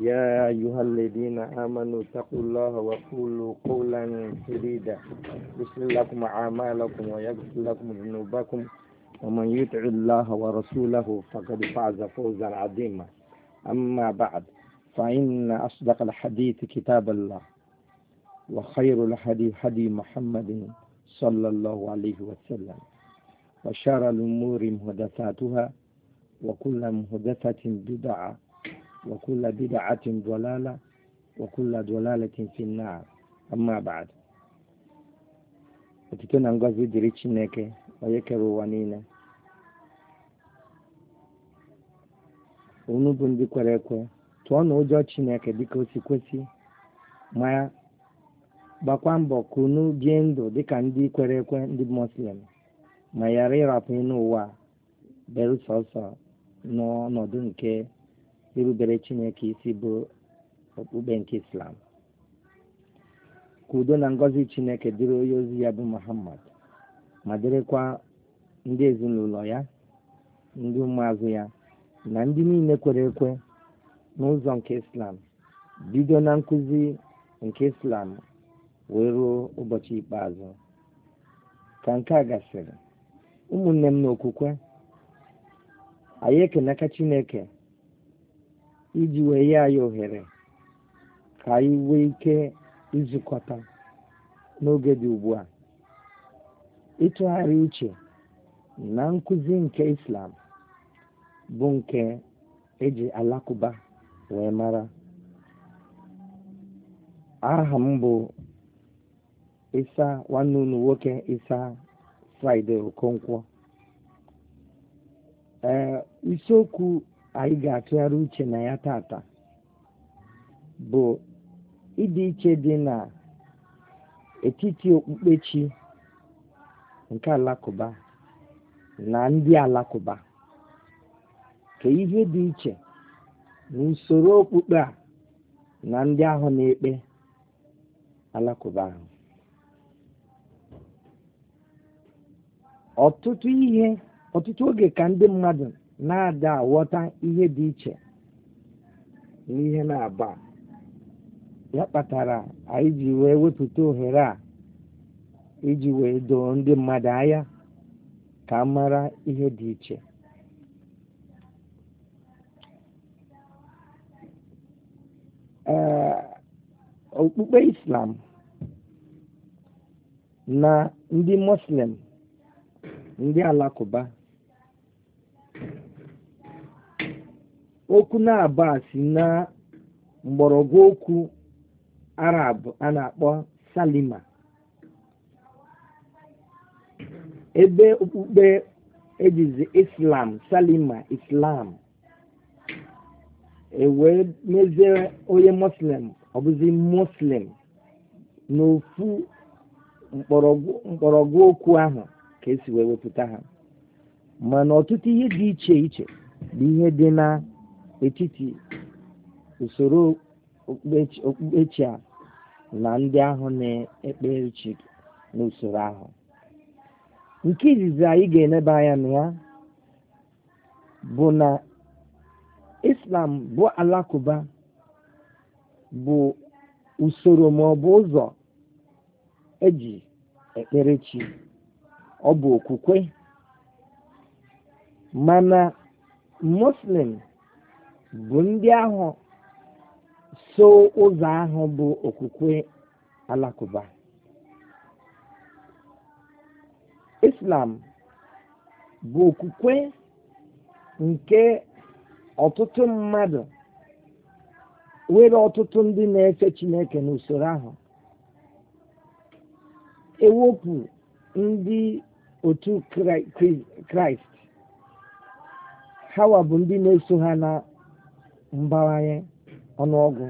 يا أيها الذين آمنوا اتقوا الله وقولوا قولا سديدا يسر لكم أعمالكم ويغفر لكم ذنوبكم ومن يطع الله ورسوله فقد فاز فوزا عظيما أما بعد فإن أصدق الحديث كتاب الله وخير الحديث هدي محمد صلى الله عليه وسلم وشر الأمور مهدثاتها وكل مهدثة بدعة وكل بدعة ضلالة وكل ضلالة في na أما بعد ọtụtụ na ngosi dịrị chineke onye kere ụwa niile unu bụ ndị kwere ekwe tụọ na ụjọ chineke dịka o ma gbakwa mbọ kunu unu ndụ dịka ndị kwere ekwe ndị moslim ma ghara ịrapụ n'ụwa bere n'ọnọdụ nke irubere Chineke isi bụ okpukpe nke Islam ka udo na ngọzi Chineke dịrị onye ozi ya bụ Muhammad ma dịrịkwa ndị ezinụlọ ya ndị ụmụazụ ya na ndị niile kwere ekwe n'ụzọ nke Islam bido na nkụzi nke Islam wee ruo ụbọchị ikpeazụ ka nke a gasịrị ụmụnne m n'okwukwe anyị ekenaka Chineke iji wee ya anyị ohere ka anyị nwee ike izukọta n'oge dị ugbu a ịtụgharị uche na nkụzi nke Islam bụ nke eji alakụba wee mara aha m bụ Isa nwanne unu nwoke Isa Fraịde Okonkwo ee isiokwu anyị ga-atụgharị uche na ya tata bụ ịdị iche dị na etiti okpukpe chi nke alakụba na ndị alakụba ka ihe dị iche na okpukpe a na ndị ahụ na-ekpe alakụba ahụ ọtụtụ ihe ọtụtụ oge ka ndị mmadụ na-ada aghọta ihe dị iche n'ihe na-aba ya kpatara anyị ji wee wepụta ohere a iji wee doo ndị mmadụ anya ka mara ihe dị iche okpukpe islam na ndị muslim ndị alakụba okwu na-aba si na mgbọrọgwụ okwu arab a na-akpọ salima ebe okpukpe ejizi islam salima islam ewee mezie onye muslim ọbụzi muslim n'ofu mkpọrọgwụ okwu ahụ ka esi wee wepụta ha mana ọtụtụ ihe dị iche iche bụ ihe dị na etiti usoro okpukpechi a na ndị ahụ na-ekpere chi n'usoro ahụ nke izizi anyị ga-eleba anya na ya bụ na islam bụ alakụba bụ usoro ma ọ bụ ụzọ eji ekpere chi ọ bụ okwukwe mana muslim bụ ndị ahụ so ụzọ ahụ bụ okwukwe alakụba islam bụ okwukwe nke ọtụtụ mmadụ nwere ọtụtụ ndị na-efe chineke n'usoro ahụ ewepụ ndị otu kraịst hawa bụ ndị na-eso ha na mbawanye ọnụọgụ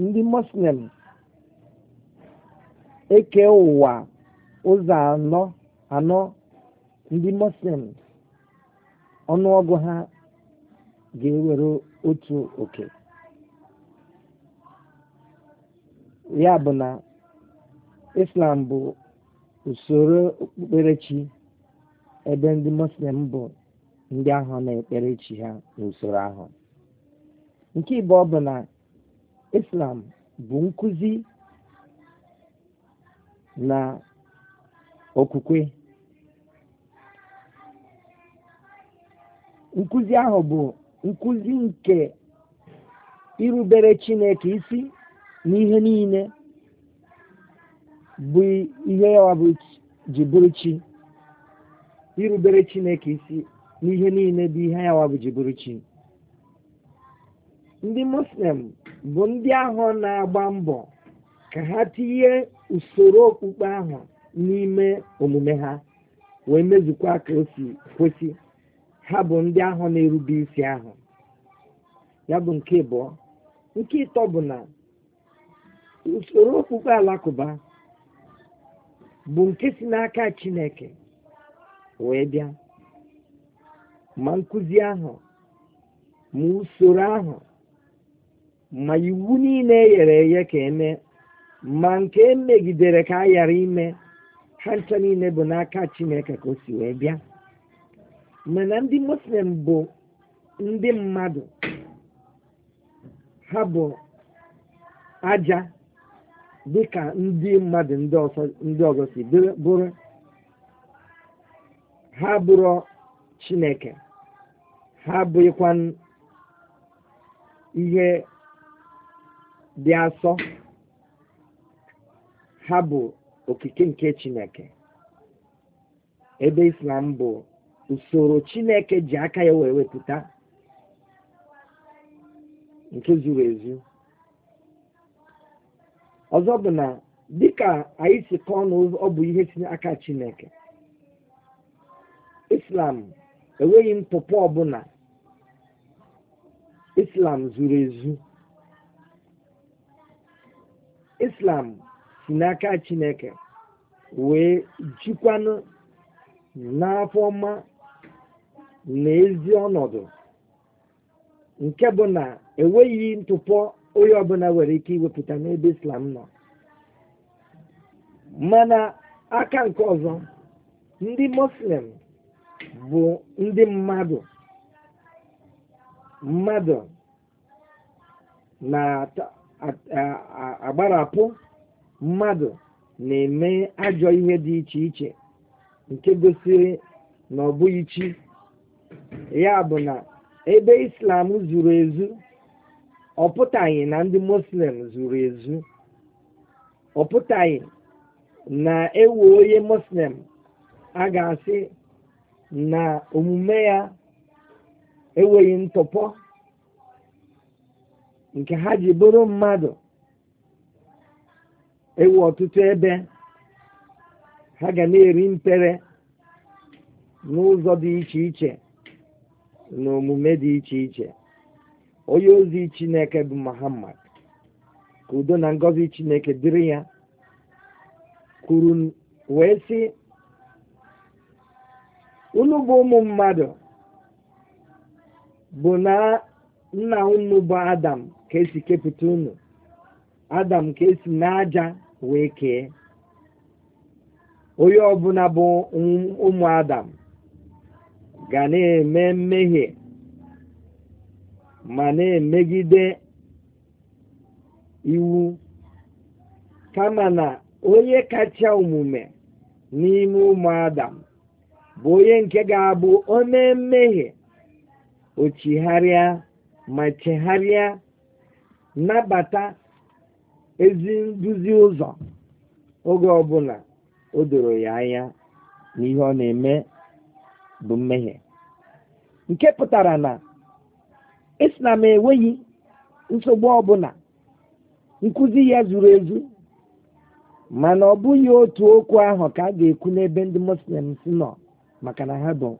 ndị muslim eke ụwa ụzọ anọ anọ ndị muslim ọnụọgụ ha ga-ewere otu oke ya bụ na islam bụ usoro okpukperechi ebe ndị muslim bụ ndị ahụ na-ekpere chi ha n'usoro ahụ nke ịbụọ bụ na islam bụ nkụzi na okwukwe nkụzi ahụ bụ nkụzi nke irubere chineke isi n'ihe niile bụ ihe ya ji bụrụ chi irubere chineke isi n'ihe niile dị ihe ya wa bụ jiburuchi ndị muslim bụ ndị ahụ na-agba mbọ ka ha tinye usoro okpukpe ahụ n'ime omume ha wee mezukwa ka o si kwesị ha bụ ndị ahụ na-erube isi ahụ ya bụ nke abụọ nke ịtọ bụ na usoro okpukpe alakụba bụ nke si n'aka chineke wee bịa ma nkụzi ahụ ma usoro ahụ ma iwu niile eghere ghere eghe ka eme ma nke emegidere ka a ghara ime ha ncha niile bụ n'aka Chineke ka o si wee bịa mana ndị muslim bụ ndị mmadụ ha bụ aja dị ka ndị mmadụ ndị ọzọ bụrụ ha bụrụ Chineke ha abụghịkwa ihe dị asọ ha bụ okike nke chineke ebe islam bụ usoro chineke ji aka ya wee wepụta nke zuru ezu ọzọ bụ na dịka anyị si kọọ na ọ bụ ihe si aka chineke islam enweghị ntụpọ ọbụla islam zuru ezu islam si n'aka chineke wee jikwanụ n'afọ ọma n'ezi ezi ọnọdụ nke bụ na enweghị ntụpọ onye ọbụla nwere ike iwepụta n'ebe islam nọ mana aka nke ọzọ ndị muslim bụ ndị mmadụ mmadụ na-agbarapụ mmadụ na-eme ajọ ihe dị iche iche nke gosiri na ọ bụghị chi ya bụ na ebe islam zuru ezu ọ pụtaghị na ndị muslim zuru ezu ọ pụtaghị na ewu onye muslim a ga-asị na omume ya enweghị ntụpọ nke ha ji bụrụ mmadụ ewu ọtụtụ ebe ha ga na-eri mpere n'ụzọ dị iche iche na omume dị iche iche onye ozi chineke bụ muhammad ka na ngọzi chineke dịrị ya kwuru wee sị unu bụ ụmụ mmadụ bụ na nna bụ adam ka esi kepụta unu adam ka esi n'aja wee kee onye ọbụla bụ ụmụ adam ga na-eme mmehie ma na-emegide iwu kama na onye kacha omume n'ime ụmụ adam bụ onye nke ga-abụ onye mmehie ochigharịa chigharịa ma chigharịa nnabata ezi nduzi ụzọ oge ọbụla o doro ya anya na ihe ọ na-eme bụ mmehie nke pụtara na islam enweghị nsogbu ọbụla nkụzi ya zuru ezu mana ọ bụghị otu okwu ahụ ka a ga-ekwu n'ebe ndị muslim si nọ maka na ha bụ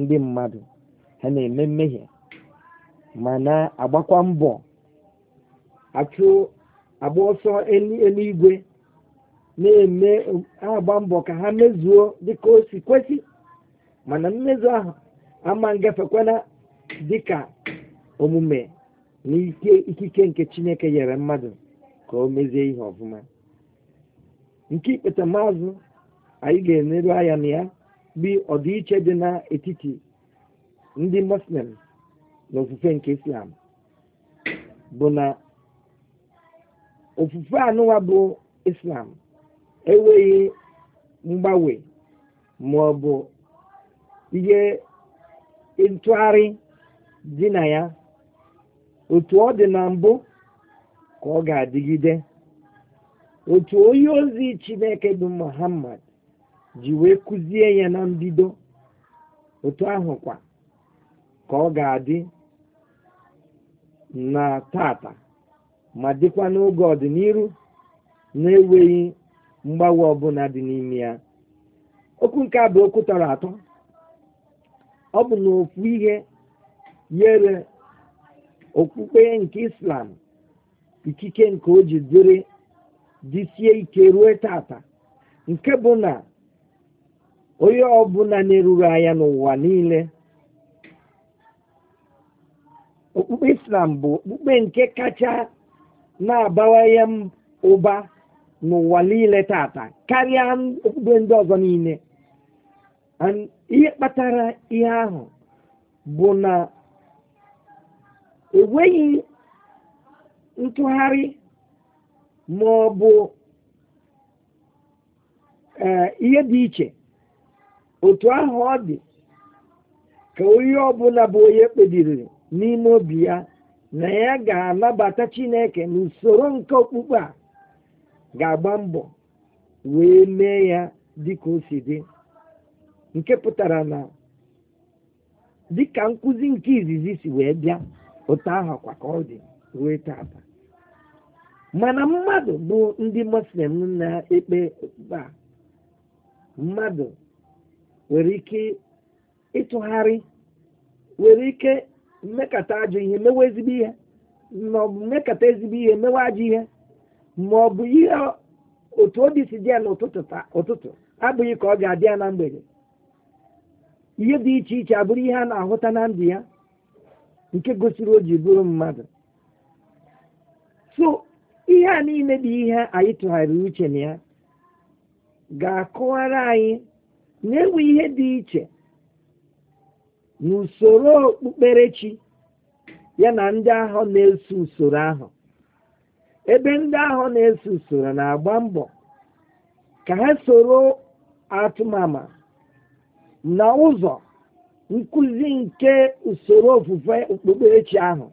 ndị mmadụ ha na-eme mmehie ma na-agbakwa mbọ achụ agba ọsọ eluigwe na-eme agba mbọ ka ha mezuo dịka o si kwesị mana mmezu ahụ ama ngafekwana dịka omume na ike ikike nke Chineke nyere mmadụ ka o mezie ihe ọfụma nke ikpeta maazụ anyị ga-eneru anya na ya bụ ọdịiche dị n'etiti ndị muslim na ofufe nke islam bụ na ofufe anụwa bụ islam enweghị mgbanwe ma ọ bụ ihe ntụgharị dị na ya otu ọ dị na mbụ ka ọ ga-adịgide otu onye ozi chineke bụ muhammad ji wee kụzie ya na mbido otu ahụ kwa. ka ọ ga-adị na tata ma dịkwa n'oge ọdịnihu na-enweghị mgbanwe ọbụla dị n'ime ya okwu nke a bụ okwu tọrọ atọ ọ bụ na ihe nyere okpukpe nke islam ikike nke o ji dịrị dịsie ike rue tata nke bụ na onye ọbụla na-eruru anya n'ụwa niile okpukpe islam bụ okpukpe nke kacha na-abawanye ụba n'ụwa niile tata karyan okpukpe dozonine an niile ihe ihe ahụ bụ na enweghị ntụgharị ma ọ bụ ihe dị iche otu ahụ ọ dị ka onye ọbụla bụ onye kpebiriri n'ime obi ya na ya ga-anabata chineke na usoro nke okpukpe a ga-agba mbọ wee mee ya dịka o si dị nke pụtara na dịka nkuzi nke izizi si wee bịa ụta ahụ kwa ka ọ dị ruo taata mana mmadụ bụ ndị muslim na-ekpe okpukpe a mmadụ nwere ike ịtụgharị nwere ike mmekata ajọ ihe mewe ezigbo ihe maọbụ mmekata ezigbo ihe mewe ajọ ihe ma ọ bụ ihe otu obi si dị ya ụtụtụ abụghị ka ọ ga-adị ya na mgbede ihe dị iche iche abụrụ ihe a na-ahụta na ndụ ya nke gosiri o ji bụrụ mmadụ so ihe a niile dị ihe anyị tụgharịrị uche na ya ga-akọwara anyị na-enwe ihe dị iche n'usoro okpukperechi ya na ndị ahụ na-eso usoro ahụ ebe ndị ahụ na-eso usoro na-agba mbọ ka ha soro atụmama na ụzọ nkụzi nke usoro ofufe okpukperechi ahụ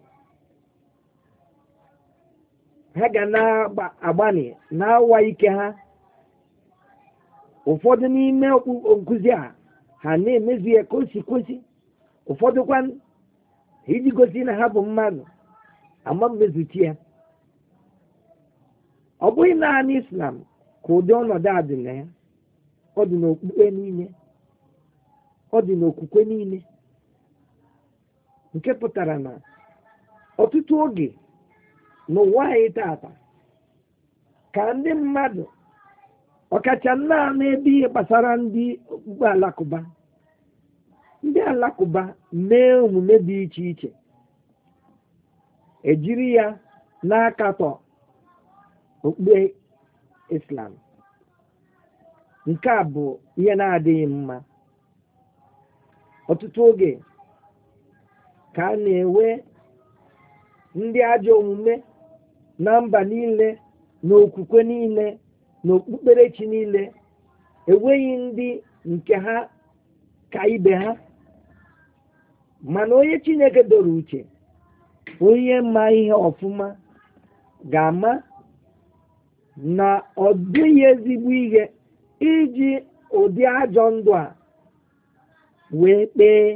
ha ga na agbanye na-awa ike ha ụfọdụ n'ime nkuzi a ha na-emezu ya ka o ụfọdụkwa iji gosi na ha bụ mmadụ ama mmezuchi ya ọ bụghị naanị islam ka ụdị ọnọdụ a dị na ọ dị n'okpukpe niile ọ dị n'okwukwe niile nke pụtara na ọtụtụ oge n'ụwa anyị taata ka ndị mmadụ ọkacha naanị ebe ihe gbasara ndị okpukpe alakụba ndị alakụba mee omume dị iche iche ejiri ya na-akatọ okpukpe islam nke a bụ ihe na-adịghị mma ọtụtụ oge ka a na-enwe ndị ajọ omume na mba niile na okwukwe niile na okpukperechi niile enweghị ndị nke ha ka ibe ha mana onye chineke doro uche onye ma ihe ọfụma ga-ama na ọ dịghị ezigbo ihe iji ụdị ajọ ndụ a wee kpee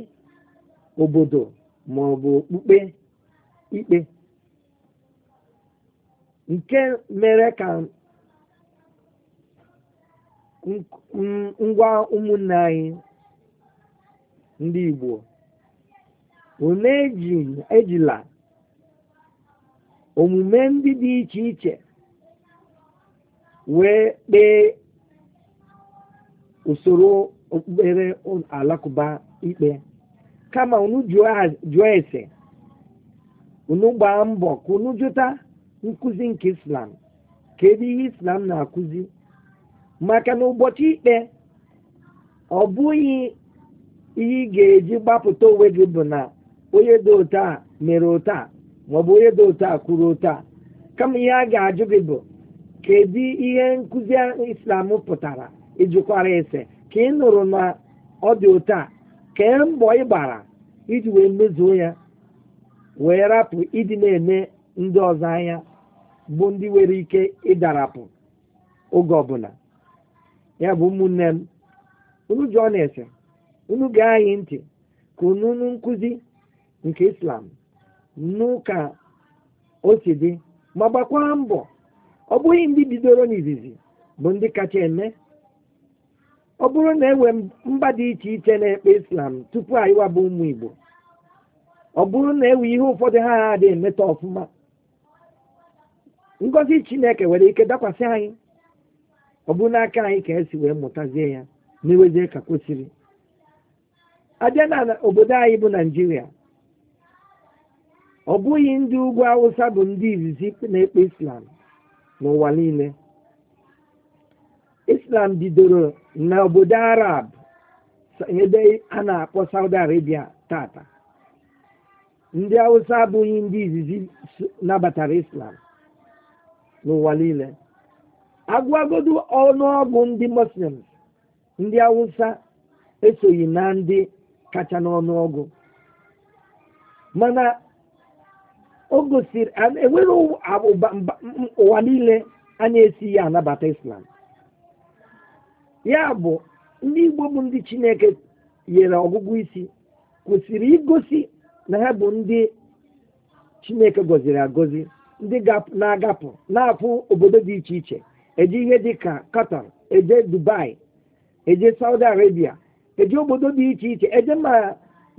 obodo ma ọ bụ okpukpe ikpe nke mere ka ngwa ụmụnne anyị ndị Igbo unu ejila omume ndị dị iche iche wee kpee usoro okpukpere alakụba ikpe kama unu jụọ ese unu gbaa mbọ ka unu jụta nkụzi nke islam kedu ihe islam na-akụzi maka na ụbọchị ikpe ọ bụghị ihe ị ga-eji gbapụta onwe gị bụ na onye dị otu a mere ụta a maọbụ onye dị otu a kwuru ụta kama ihe a ga-ajụ gị bụ kedu ihe nkụzi islam pụtara ịjụkwara ise ka ị nụrụ na ọ dị ụta a kee mbọ ị gbara iji wee mezuo ya wee rapụ ịdị na-eme ndị ọzọ anya bụ ndị nwere ike ịdarapụ oge ọbụla ya bụ ụmụnne m unu jụọ na-ese unu gaa anyị ntị ka unu nkụzi nke islam n'ụka o si dị ma gbakwa mbọ ọ bụghị ndị bidoro n'izizi bụ ndị kacha eme ọ bụrụ na enwe mba dị iche iche na-ekpe islam tupu anyịwa bụ ụmụ igbo ọ bụrụ na enwe ihe ụfọdụ ha adịghị emeta ọfụma ngọzi chineke nwere ike dakwasị anyị ọ bụ n'aka anyị ka esi wee mụtazie ya mewezie ka kwesịrị abịa na obodo anyị bụ naijiria ọ bụghị ndị ugwu awụsa bụ ndị izizi na-ekpe islam n'ụwa niile islam bidoro n'obodo arab ebe a na-akpọ saudi arabia tata ndị awụsa abụghị ndị izizi nabatara islam n'ụwa niile agwagodu ọnụọgụ ndị muslim ndị awụsa esoghi na ndị kacha n'ọnụọgụ mana o gosiri um, enwere um, ụwa niile a na-esi ya anabata islam ya bụ ndị igbo bụ ndị chineke nyere ọgụgụ isi kwesịrị igosi na ha bụ ndị chineke gọziri agọzi ndị na-agapụ na-apụ obodo dị iche iche eje ihe dị ka qatar eje dubai eje saudi arabia eje obodo dị iche iche eje ma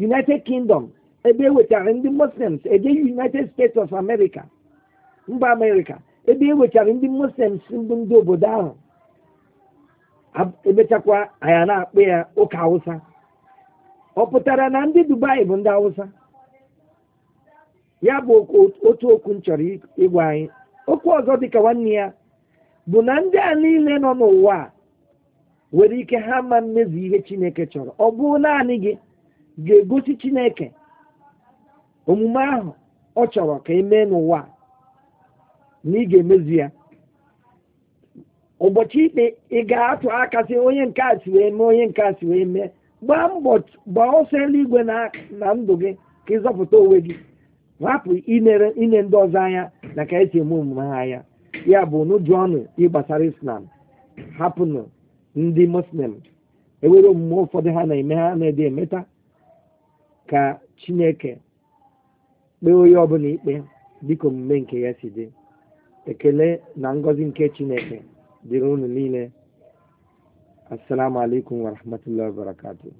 united kingdom ebe enwechara ndị muslims eje united states of america mba amerịka ebe enwechara ndị muslims mbụ ndị obodo ahụ emechakwa anya na akpa ya ụka hausa ọ pụtara na ndị dubai bụ ndị hausa ya bụ otu okwu m chọrọ ịgwa anyị okwu ọzọ dịka nwanne ya bụ na ndị a niile nọ n'ụwa nwere ike ha ma mmezu ihe chineke chọrọ ọ bụ naanị gị ga-egosi chineke omume ahụ ọ chọrọ ka e mee n'ụwa na ị ga-emezu ya ụbọchị ikpe ị ga-atụ aka sị onye nke a si wee mee onye nke a si wee mee gbaa mbọ gbaa ọsọ eluigwe na ndụ gị ka ịzọpụta onwe gị hapụ ine ndị ọzọ anya na ka esi eme omume ha ya ya bụ n'ụjụ ọnụ ịgbasara islam hapụnụ ndị muslim enwere omume ụfọdụ ha na-eme ha na-ede emeta ka chineke kpee onye ọbụla ikpe dịka omume nke ya si dị ekele na ngọzi nke chineke dịrị unu niile assalamu alaikum warahmatullahi wabarakatuh